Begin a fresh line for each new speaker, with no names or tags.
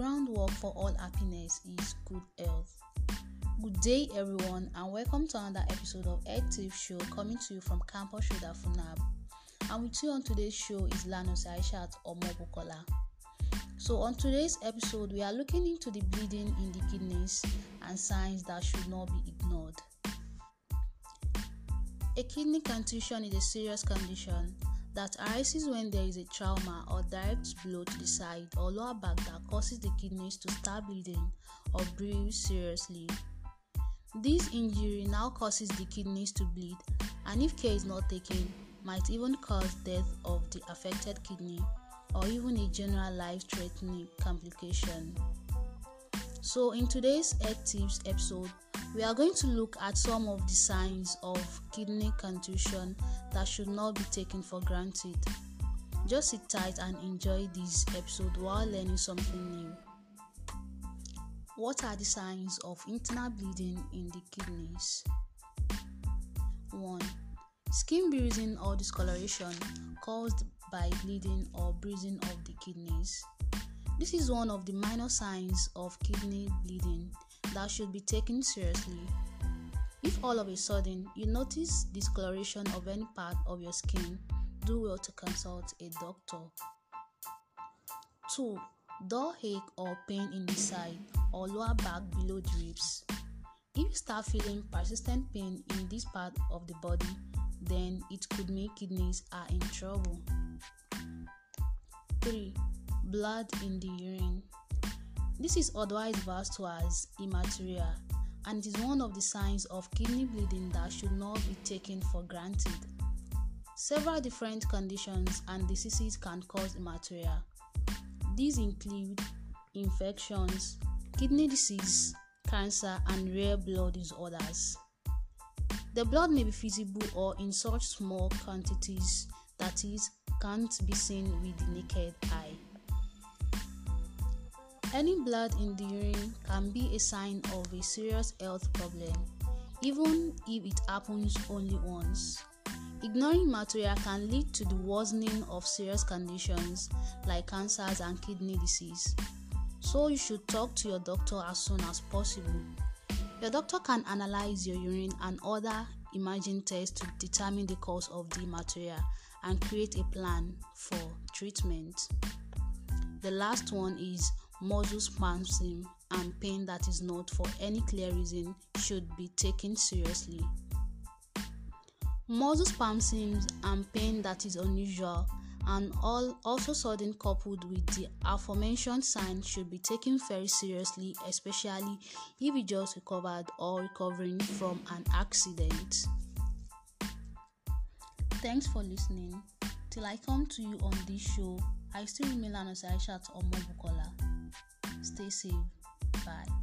groundwork for all happiness is good health. Good day, everyone, and welcome to another episode of Active Show coming to you from Campus Shoda Funab. And with you on today's show is Saishat or Omobukola. So, on today's episode, we are looking into the bleeding in the kidneys and signs that should not be ignored. A kidney condition is a serious condition that arises when there is a trauma or direct blow to the side or lower back that causes the kidneys to start bleeding or bruise seriously. This injury now causes the kidneys to bleed, and if care is not taken, might even cause death of the affected kidney or even a general life-threatening complication. So, in today's Health Tips episode, we are going to look at some of the signs of kidney contusion that should not be taken for granted. Just sit tight and enjoy this episode while learning something new. What are the signs of internal bleeding in the kidneys? 1. Skin bruising or discoloration caused by bleeding or bruising of the kidneys. This is one of the minor signs of kidney bleeding that should be taken seriously. If all of a sudden you notice discoloration of any part of your skin, do well to consult a doctor. 2. Dull ache or pain in the side or lower back below the ribs. If you start feeling persistent pain in this part of the body, then it could mean kidneys are in trouble. 3. Blood in the urine. This is otherwise referred to as hematuria, and it is one of the signs of kidney bleeding that should not be taken for granted. Several different conditions and diseases can cause immaterial. These include infections, kidney disease, cancer, and rare blood disorders. The blood may be visible or in such small quantities that it can't be seen with the naked eye. Any blood in the urine can be a sign of a serious health problem, even if it happens only once. Ignoring material can lead to the worsening of serious conditions like cancers and kidney disease. So, you should talk to your doctor as soon as possible. Your doctor can analyze your urine and other imaging tests to determine the cause of the material and create a plan for treatment. The last one is module spasm and pain that is not for any clear reason should be taken seriously. Muscle spasms and pain that is unusual and all also sudden coupled with the aforementioned signs should be taken very seriously, especially if you just recovered or recovering from an accident. Thanks for listening. Till I come to you on this show, I still remain Anosai Shat Omobukola. Stay safe. Bye.